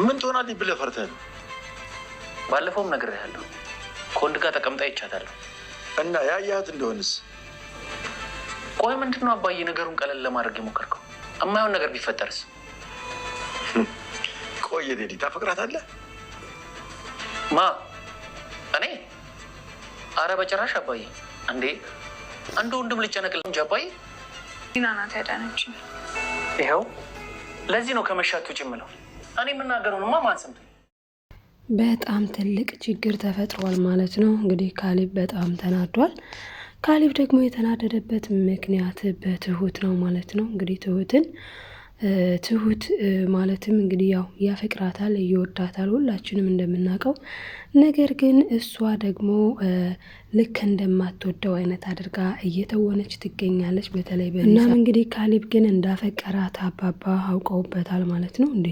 ምን ትሆናለች ብለህ ፈርተህ ነው? ባለፈውም ነግሬሃለሁ። ከወንድ ጋር ተቀምጣ ይቻታለሁ እና ያያት እንደሆንስ? ቆይ ምንድን ነው አባዬ ነገሩን ቀለል ለማድረግ የሞከርከው? እማይሆን ነገር ቢፈጠርስ? ቆይ ዴዲ ታፈቅራታለህ? ማ እኔ? አረ በጭራሽ አባዬ። እንዴ አንድ ወንድም ልጨነቅልህ እንጂ አባዬ። ዲና ናት ያዳነችኝ። ይኸው ለዚህ ነው ከመሻት ውጭ የምለው። እኔ የምናገረውንማ ማን ሰምቶ? በጣም ትልቅ ችግር ተፈጥሯል ማለት ነው። እንግዲህ ካሊብ በጣም ተናዷል። ካሊብ ደግሞ የተናደደበት ምክንያት በትሁት ነው ማለት ነው። እንግዲህ ትሁትን ትሁት ማለትም እንግዲህ ያው ያፈቅራታል፣ ይወዳታል ሁላችንም እንደምናውቀው። ነገር ግን እሷ ደግሞ ልክ እንደማትወደው አይነት አድርጋ እየተወነች ትገኛለች። በተለይ እናም እንግዲህ ካሊብ ግን እንዳፈቀራት አባባ አውቀውበታል ማለት ነው። እንዴ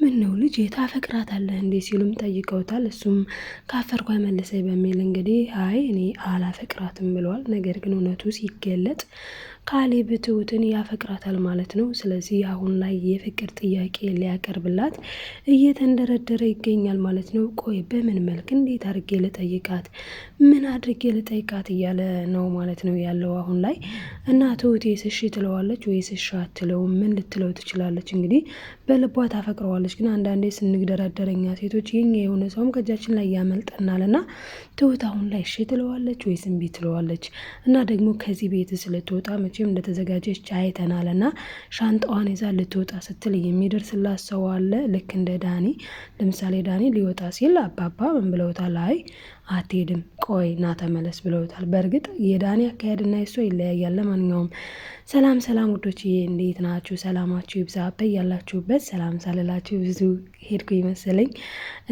ምን ነው ልጅ የታፈቅራታለህ እንዴ ሲሉም ጠይቀውታል። እሱም ካፈርኳ መለሰኝ በሚል እንግዲህ አይ እኔ አላፈቅራትም ብለዋል። ነገር ግን እውነቱ ሲገለጥ ካሌብ ትሁትን ያፈቅራታል ማለት ነው። ስለዚህ አሁን ላይ የፍቅር ጥያቄ ሊያቀርብላት እየተንደረደረ ይገኛል ማለት ነው። ቆይ በምን መልክ እንዴት አድርጌ ልጠይቃት፣ ምን አድርጌ ልጠይቃት እያለ ነው ማለት ነው ያለው አሁን ላይ እና ትሁቴስ እሺ ትለዋለች ወይ እሺ አትለው ምን ልትለው ትችላለች? እንግዲህ በልቧ ታፈቅረዋለች። ግን አንዳንዴ ስንግደረደረኛ ሴቶች የኛ የሆነ ሰውም ከእጃችን ላይ ያመልጠናል እና ትሁት አሁን ላይ እሺ ትለዋለች ወይስ እምቢ ትለዋለች? እና ደግሞ ከዚህ ቤት ስለትወጣ ልጆችም እንደተዘጋጀች አይተናል እና ሻንጣዋን ይዛ ልትወጣ ስትል የሚደርስላት ሰው አለ። ልክ እንደ ዳኒ ለምሳሌ ዳኒ ሊወጣ ሲል አባባ ምን ብለውታል? አይ አትሄድም ቆይ ና ተመለስ ብለውታል። በእርግጥ የዳኒ አካሄድና የእሷ ይለያያል። ለማንኛውም ሰላም ሰላም ውዶች እንዴት ናችሁ? ሰላማችሁ ይብዛ። በያላችሁበት ሰላም ሳልላችሁ ብዙ ሄድኩ ይመስለኝ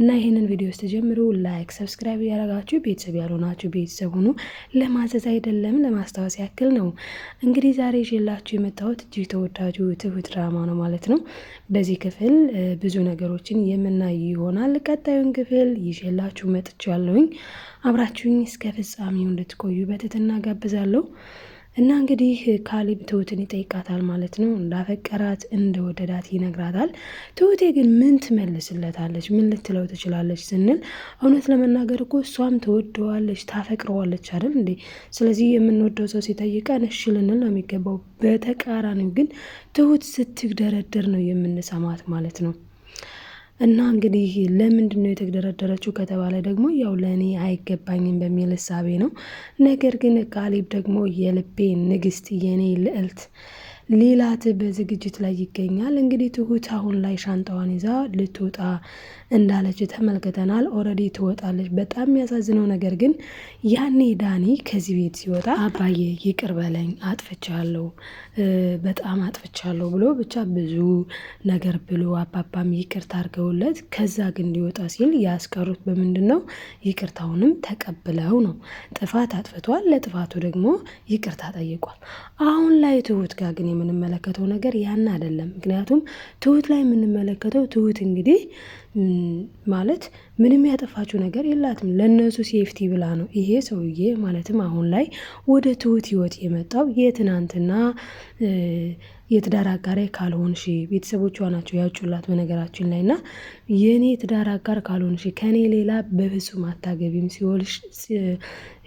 እና ይህንን ቪዲዮ ስትጀምሩ ላይክ፣ ሰብስክራይብ እያደረጋችሁ ቤተሰብ ያልሆናችሁ ቤተሰብ ሁኑ። ለማዘዝ አይደለም ለማስታወስ ያክል ነው። እንግዲህ ዛሬ ይዤላችሁ የመጣሁት እጅግ ተወዳጁ ትሁት ድራማ ነው ማለት ነው። በዚህ ክፍል ብዙ ነገሮችን የምናይ ይሆናል። ቀጣዩን ክፍል ይዤላችሁ መጥቻለሁኝ። አብራችሁኝ እስከ ፍጻሜው እንድትቆዩ በትህትና ጋብዛለሁ። እና እንግዲህ ካሌብ ትሁትን ይጠይቃታል ማለት ነው። እንዳፈቀራት እንደወደዳት ይነግራታል። ትሁቴ ግን ምን ትመልስለታለች? ምን ልትለው ትችላለች ስንል እውነት ለመናገር እኮ እሷም ትወደዋለች፣ ታፈቅረዋለች አይደል እንዴ? ስለዚህ የምንወደው ሰው ሲጠይቀን እሺ ልንል ነው የሚገባው። በተቃራኒው ግን ትሁት ስትግደረድር ነው የምንሰማት ማለት ነው። እና እንግዲህ ለምንድን ነው የተደረደረችው ከተባለ ደግሞ ያው ለእኔ አይገባኝም በሚል እሳቤ ነው። ነገር ግን ካሌብ ደግሞ የልቤ ንግስት የኔ ልዕልት ሌላት በዝግጅት ላይ ይገኛል። እንግዲህ ትሁት አሁን ላይ ሻንጣዋን ይዛ ልትወጣ እንዳለች ተመልክተናል። ኦልሬዲ ትወጣለች። በጣም የሚያሳዝነው ነገር ግን ያኔ ዳኒ ከዚህ ቤት ሲወጣ አባዬ ይቅር በለኝ አጥፍቻለሁ፣ በጣም አጥፍቻለሁ ብሎ ብቻ ብዙ ነገር ብሎ አባባም ይቅርታ አድርገውለት ከዛ ግን ሊወጣ ሲል ያስቀሩት በምንድን ነው? ይቅርታውንም ተቀብለው ነው። ጥፋት አጥፍቷል። ለጥፋቱ ደግሞ ይቅርታ ጠይቋል። አሁን ላይ ትሁት ጋር ግን የምንመለከተው ነገር ያን አይደለም። ምክንያቱም ትሁት ላይ የምንመለከተው ትሁት እንግዲህ ማለት ምንም ያጠፋችው ነገር የላትም። ለእነሱ ሴፍቲ ብላ ነው። ይሄ ሰውዬ ማለትም አሁን ላይ ወደ ትሁት ህይወት የመጣው የትናንትና የትዳር አጋር ካልሆንሽ ቤተሰቦቿ ናቸው ያጩላት። በነገራችን ላይ እና የእኔ የትዳር አጋር ካልሆንሽ ከእኔ ሌላ በፍጹም አታገቢም፣ ሲኦልሽ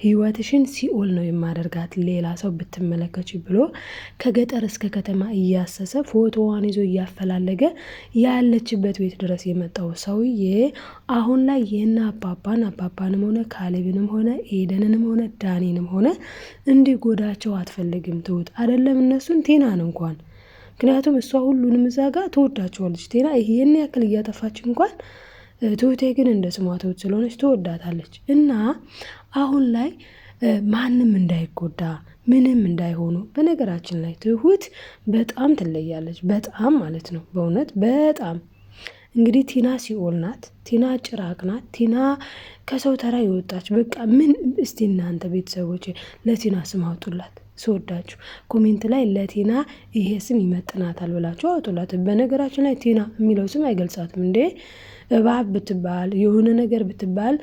ህይወትሽን ሲኦል ነው የማደርጋት ሌላ ሰው ብትመለከች ብሎ ከገጠር እስከ ከተማ እያሰሰ ፎቶዋን ይዞ እያፈላለገ ያለችበት ቤት ድረስ የመጣው ሰውዬ አሁን ላይ የነ አባባን አባባንም ሆነ ካሌብንም ሆነ ኤደንንም ሆነ ዳኔንም ሆነ እንዲጎዳቸው አትፈልግም። ትውጥ አይደለም እነሱን ቴናን እንኳን ምክንያቱም እሷ ሁሉንም እዛ ጋር ትወዳቸዋለች። ቴና ይህን ያክል እያጠፋች እንኳን ትሁቴ ግን እንደ ስሟ ትሁት ስለሆነች ትወዳታለች። እና አሁን ላይ ማንም እንዳይጎዳ ምንም እንዳይሆኑ። በነገራችን ላይ ትሁት በጣም ትለያለች፣ በጣም ማለት ነው በእውነት በጣም እንግዲህ ቲና ሲኦል ናት። ቲና ጭራቅ ናት። ቲና ከሰው ተራ የወጣች በቃ ምን እስቲ እናንተ ቤተሰቦች ለቲና ስም አውጡላት። ስወዳችሁ ኮሜንት ላይ ለቲና ይሄ ስም ይመጥናታል ብላችሁ አውጡላት። በነገራችን ላይ ቲና የሚለው ስም አይገልጻትም እንዴ። እባብ ብትባል የሆነ ነገር ብትባል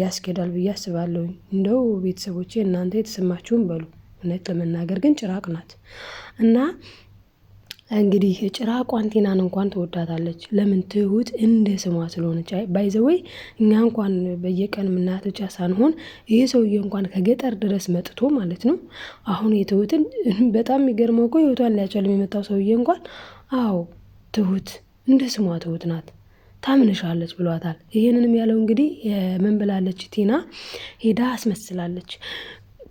ያስኬዳል ብዬ አስባለሁ እንደው ቤተሰቦቼ እናንተ የተሰማችሁን በሉ። እውነት ለመናገር ግን ጭራቅ ናት እና እንግዲህ ጭራ ቋንቲናን እንኳን ትወዳታለች። ለምን ትሁት እንደ ስሟ ስለሆነች። ባይዘወይ እኛ እንኳን በየቀን የምናያት ብቻ ሳንሆን ይህ ሰውዬ እንኳን ከገጠር ድረስ መጥቶ ማለት ነው አሁን የትሁትን በጣም የሚገርመው እኮ ህይወቷን ሊያቸል የመጣው ሰውዬ እንኳን አዎ ትሁት እንደ ስሟ ትሁት ናት ታምንሻለች ብሏታል። ይህንንም ያለው እንግዲህ መንበላለች ቲና ሄዳ አስመስላለች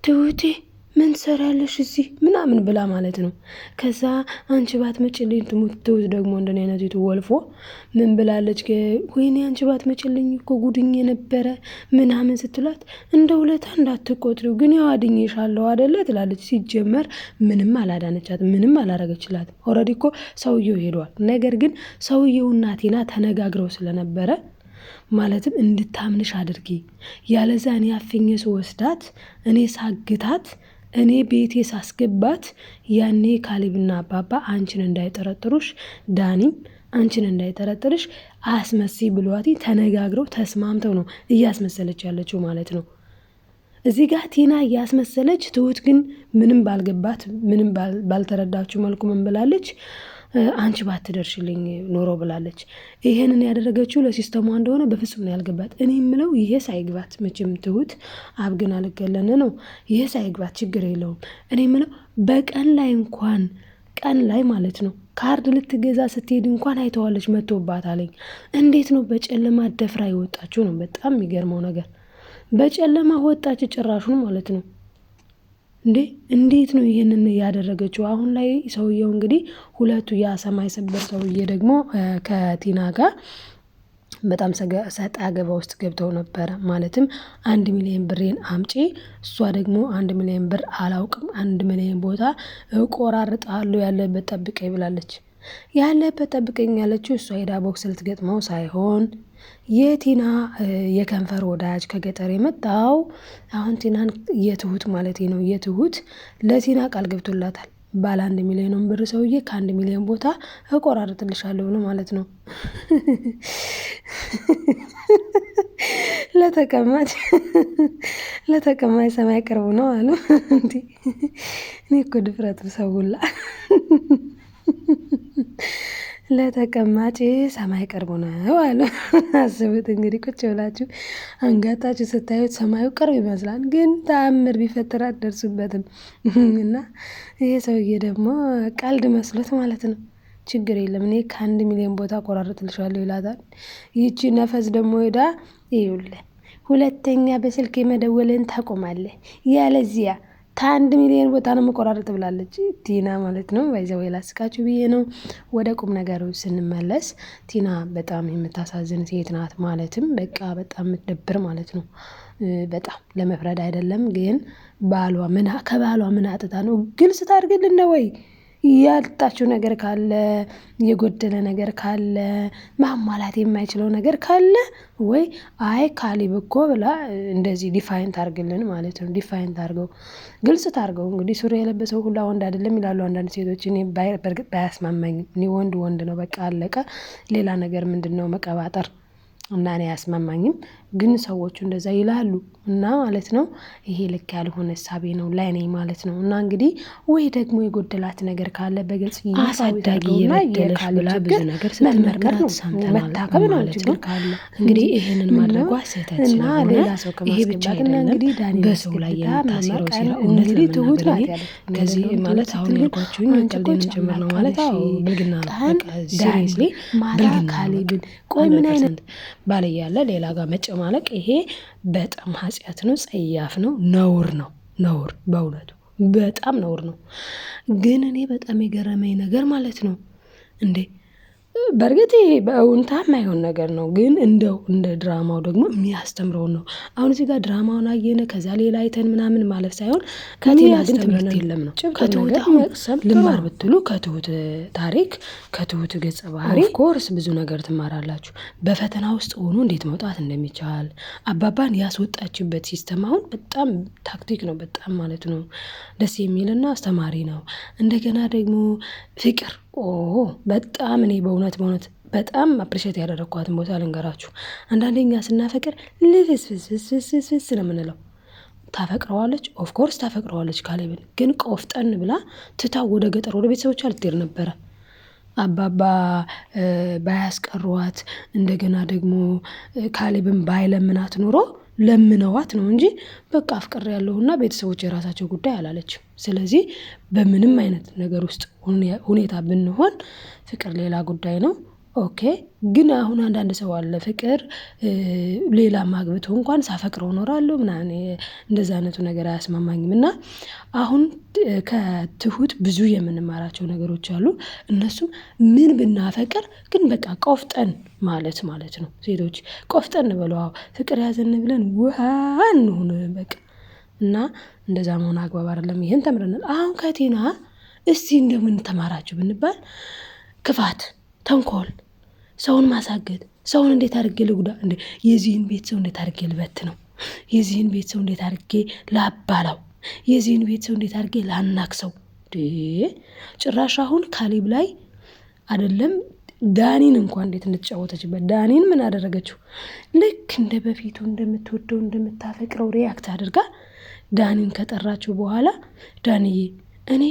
ትሁቴ ምን ትሰሪያለሽ እዚህ ምናምን ብላ ማለት ነው። ከዛ አንቺ ባትመጪልኝ ትሙት ደግሞ እንደኔ አይነቱ ወልፎ ምን ብላለች? ወይኔ አንቺ ባትመጪልኝ እኮ ጉድኝ የነበረ ምናምን ስትላት እንደ ውለታ እንዳትቆጥሪው ግን ያው አድኜሻለሁ አደለ ትላለች። ሲጀመር ምንም አላዳነቻት፣ ምንም አላረገችላት። ኦልሬዲ እኮ ሰውየው ሄደዋል። ነገር ግን ሰውየው እናቴና ተነጋግረው ስለነበረ ማለትም እንድታምንሽ አድርጊ ያለዛ እኔ አፍኜ ስወስዳት እኔ ሳግታት እኔ ቤቴ ሳስገባት ያኔ ካሌብና አባባ አንቺን እንዳይጠረጥሩሽ ዳኒም አንቺን እንዳይጠረጥርሽ አስመሲ ብሏት ተነጋግረው ተስማምተው ነው እያስመሰለች ያለችው ማለት ነው። እዚህ ጋር ቲና እያስመሰለች ትሁት ግን ምንም ባልገባት ምንም ባልተረዳችው መልኩ ምን ብላለች? አንቺ ባትደርሽልኝ ኖሮ ብላለች። ይሄንን ያደረገችው ለሲስተሟ እንደሆነ በፍጹም ነው ያልገባት። እኔ የምለው ይሄ ሳይግባት መቼም ትሁት አብግን አልገለን ነው። ይሄ ሳይግባት ችግር የለውም። እኔ የምለው በቀን ላይ እንኳን ቀን ላይ ማለት ነው ካርድ ልትገዛ ስትሄድ እንኳን አይተዋለች መቶባት አለኝ። እንዴት ነው በጨለማ ደፍራ የወጣችው ነው በጣም የሚገርመው ነገር። በጨለማ ወጣች ጭራሹን ማለት ነው። እንዴ እንዴት ነው ይህንን ያደረገችው? አሁን ላይ ሰውየው እንግዲህ ሁለቱ ያ ሰማይ ሰውዬ ደግሞ ከቲና ጋር በጣም ሰጣ ገባ ውስጥ ገብተው ነበረ። ማለትም አንድ ሚሊዮን ብሬን አምጪ፣ እሷ ደግሞ አንድ ሚሊዮን ብር አላውቅም፣ አንድ ሚሊዮን ቦታ እቆራርጣለሁ፣ ያለበት ጠብቀኝ ብላለች። ያለበት ጠብቀኝ ያለችው እሷ ሄዳ ቦክስ ልትገጥመው ሳይሆን የቲና የከንፈር ወዳጅ ከገጠር የመጣው አሁን ቲናን የትሁት ማለት ነው። የትሁት ለቲና ቃል ገብቶላታል። ባለ አንድ ሚሊዮን ብር ሰውዬ ከአንድ ሚሊዮን ቦታ እቆራርጥልሻለሁ ነው ማለት ነው። ለተቀማጭ ለተቀማጭ ሰማይ ቅርቡ ነው አሉ። እንዲ እኔ እኮ ድፍረት ሰውላ ለተቀማጭ ሰማይ ቅርቡ ነው አሉ። አስቡት እንግዲህ ቁጭ ብላችሁ አንጋታችሁ ስታዩት ሰማዩ ቅርብ ይመስላል፣ ግን ተአምር ቢፈጠር አትደርሱበትም። እና ይሄ ሰውዬ ደግሞ ቀልድ መስሎት ማለት ነው። ችግር የለም እኔ ከአንድ ሚሊዮን ቦታ ቆራርጥልሻለሁ ይላታል። ይቺ ነፈስ ደግሞ ሄዳ ይኸውልህ ሁለተኛ በስልክ የመደወልን ታቆማለ ያለዚያ ከአንድ ሚሊዮን ቦታ ነው መቆራረጥ ብላለች ቲና ማለት ነው። ባይዘው የላስቃችሁ ብዬ ነው። ወደ ቁም ነገሩ ስንመለስ ቲና በጣም የምታሳዝን ሴት ናት። ማለትም በቃ በጣም የምትደብር ማለት ነው። በጣም ለመፍረድ አይደለም ግን፣ ባሏ ምን ከባሏ ምን አጥታ ነው ግልጽ ታድርግልን ወይ ያጣችው ነገር ካለ የጎደለ ነገር ካለ ማሟላት የማይችለው ነገር ካለ ወይ አይ ካሊ እኮ ብላ እንደዚህ ዲፋይን ታርግልን ማለት ነው። ዲፋይን ታርገው፣ ግልጽ ታርገው። እንግዲህ ሱሪ የለበሰው ሁላ ወንድ አይደለም ይላሉ አንዳንድ ሴቶች። እኔ በእርግጥ ባያስማማኝም እኔ ወንድ ወንድ ነው በቃ አለቀ። ሌላ ነገር ምንድን ነው መቀባጠር እና እኔ አያስማማኝም። ግን ሰዎቹ እንደዛ ይላሉ እና ማለት ነው ይሄ ልክ ያልሆነ እሳቤ ነው ለእኔ ማለት ነው። እና እንግዲህ ወይ ደግሞ የጎደላት ነገር ካለ በግልጽ አሳዳጊ የበደለሽ ብላ ብዙ ነገር ማለት ነው። እንግዲህ ይህንን ማድረጓ ስህተት ስለሆነ ይሄ ብቻ በሰው ላይ የምታሴረው ሴራ እውነት ከዚህ ማለት አሁን ነው ማለት ብልግና ነው። ሲሪየስሊ ብልግና ቆይ ምን አይነት እያለ ሌላ ጋር መጨማ ማለቅ ይሄ በጣም ኃጢአት ነው፣ ጸያፍ ነው፣ ነውር ነው። ነውር በእውነቱ በጣም ነውር ነው። ግን እኔ በጣም የገረመኝ ነገር ማለት ነው እንዴ በእርግጥ ይሄ በእውነታ የማይሆን ነገር ነው፣ ግን እንደው እንደ ድራማው ደግሞ የሚያስተምረውን ነው። አሁን እዚህ ጋር ድራማውን አየነ ከዚያ ሌላ አይተን ምናምን ማለፍ ሳይሆን ከቴና ግን ትምህርት የለም ነው። ከትሁት አሁን ልማር ብትሉ ከትሁት ታሪክ ከትሁት ገጸ ባህሪ ኮርስ ብዙ ነገር ትማራላችሁ። በፈተና ውስጥ ሆኖ እንዴት መውጣት እንደሚቻል አባባን ያስወጣችበት ሲስተም አሁን በጣም ታክቲክ ነው፣ በጣም ማለት ነው ደስ የሚልና አስተማሪ ነው። እንደገና ደግሞ ፍቅር በጣም እኔ በእውነት በእውነት በጣም አፕሪሼት ያደረግኳትን ቦታ ልንገራችሁ። አንዳንዴ እኛ ስናፈቅር ልፍስፍስፍስፍስ ነው የምንለው። ታፈቅረዋለች፣ ኦፍኮርስ ታፈቅረዋለች። ካሌብን ግን ቆፍጠን ብላ ትታ ወደ ገጠር ወደ ቤተሰቦቿ ልትሄድ ነበረ። አባባ ባያስቀሯት እንደገና ደግሞ ካሌብን ባይለምናት ኑሮ ለምነዋት ነው እንጂ በቃ አፍቅር ያለውና ቤተሰቦች የራሳቸው ጉዳይ አላለችም። ስለዚህ በምንም አይነት ነገር ውስጥ ሁኔታ ብንሆን ፍቅር ሌላ ጉዳይ ነው። ኦኬ ግን አሁን አንዳንድ ሰው አለ ፍቅር ሌላ ማግብቶ እንኳን ሳፈቅረው እኖራለሁ ምናምን እንደዛ አይነቱ ነገር አያስማማኝም። እና አሁን ከትሁት ብዙ የምንማራቸው ነገሮች አሉ። እነሱም ምን ብናፈቅር ግን በቃ ቆፍጠን ማለት ማለት ነው። ሴቶች ቆፍጠን በለው ፍቅር ያዘን ብለን ውሃ እንሁን በቃ እና እንደዛ መሆን አግባብ አይደለም። ይህን ተምረናል። አሁን ከቴና እስቲ እንደምን ብንባል ክፋት፣ ተንኮል ሰውን ማሳገድ ሰውን እንዴት አድርጌ ልጉዳ እንዴ? የዚህን ቤት ሰው እንዴት አድርጌ ልበት ነው? የዚህን ቤት ሰው እንዴት አድርጌ ላባላው? የዚህን ቤት ሰው እንዴት አድርጌ ላናክሰው? ጭራሽ አሁን ካሌብ ላይ አይደለም ዳኒን እንኳን እንዴት እንደተጫወተችበት ዳኒን ምን አደረገችው? ልክ እንደ በፊቱ እንደምትወደው እንደምታፈቅረው ሪያክት አድርጋ ዳኒን ከጠራችው በኋላ ዳንዬ እኔ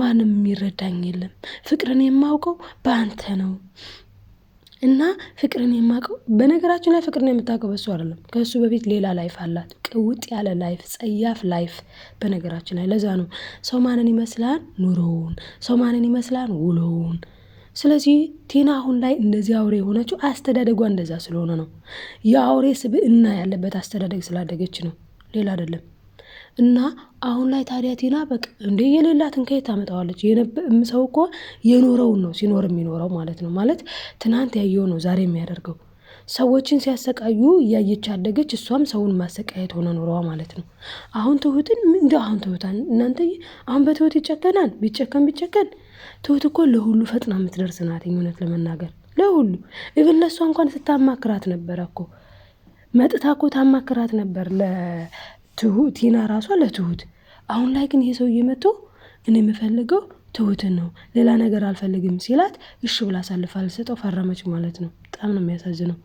ማንም የሚረዳኝ የለም፣ ፍቅርን የማውቀው በአንተ ነው እና ፍቅርን የማውቀው በነገራችን ላይ ፍቅርን የምታውቀው በሱ አይደለም፣ ከእሱ በፊት ሌላ ላይፍ አላት። ቅውጥ ያለ ላይፍ፣ ጸያፍ ላይፍ። በነገራችን ላይ ለዛ ነው ሰው ማንን ይመስላል ኑሮውን፣ ሰው ማንን ይመስላል ውሎውን። ስለዚህ ቴና አሁን ላይ እንደዚህ አውሬ የሆነችው አስተዳደጓ እንደዛ ስለሆነ ነው። የአውሬ ስብዕና ያለበት አስተዳደግ ስላደገች ነው፣ ሌላ አይደለም። እና አሁን ላይ ታዲያ ቲና በቃ እንዴ የሌላትን ከየት ታመጣዋለች? ሰው እኮ የኖረውን ነው ሲኖር የሚኖረው ማለት ነው። ማለት ትናንት ያየው ነው ዛሬ የሚያደርገው። ሰዎችን ሲያሰቃዩ እያየች አደገች። እሷም ሰውን ማሰቃየት ሆነ ኖረዋ ማለት ነው። አሁን ትሁትን እንደ አሁን ትሁታን እናንተ አሁን በትሁት ይጨከናል። ቢጨከን ቢጨከን ትሁት እኮ ለሁሉ ፈጥና የምትደርስ ናት። እውነት ለመናገር ለሁሉ ኢቭን ለእሷ እንኳን ስታማክራት ነበረ እኮ መጥታ እኮ ታማክራት ነበር ትሁት ቲና ራሷ ለትሁት አሁን ላይ ግን ይሄ ሰውዬ እየመጡ እኔ የምፈልገው ትሁትን ነው ሌላ ነገር አልፈልግም ሲላት እሺ ብላ አሳልፋ አልሰጠው ፈረመች ማለት ነው። በጣም ነው የሚያሳዝነው።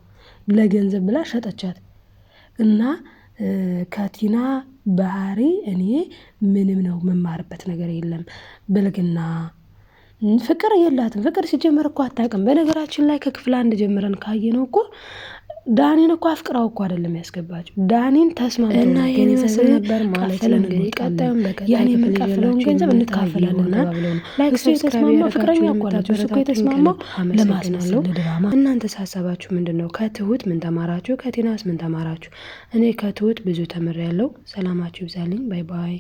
ለገንዘብ ብላ ሸጠቻት እና ከቲና ባህሪ እኔ ምንም ነው የምማርበት ነገር የለም። ብልግና ፍቅር የላትም። ፍቅር ሲጀመር እኮ አታውቅም። በነገራችን ላይ ከክፍል አንድ ጀምረን ካየነው እኮ ዳኒን እኮ አፍቅራው እኮ አይደለም ያስገባቸው ዳኒን ተስማምቶ እና ይህን ነበር ማለት በቀጣይ ገንዘብ ፍቅረኛ ድራማ። ምንድን ነው? ከትሁት ምን ተማራችሁ? ከቴናስ ምን ተማራችሁ? እኔ ከትሁት ብዙ ተምሬያለሁ። ሰላማችሁ ይብዛልኝ። ባይ ባይ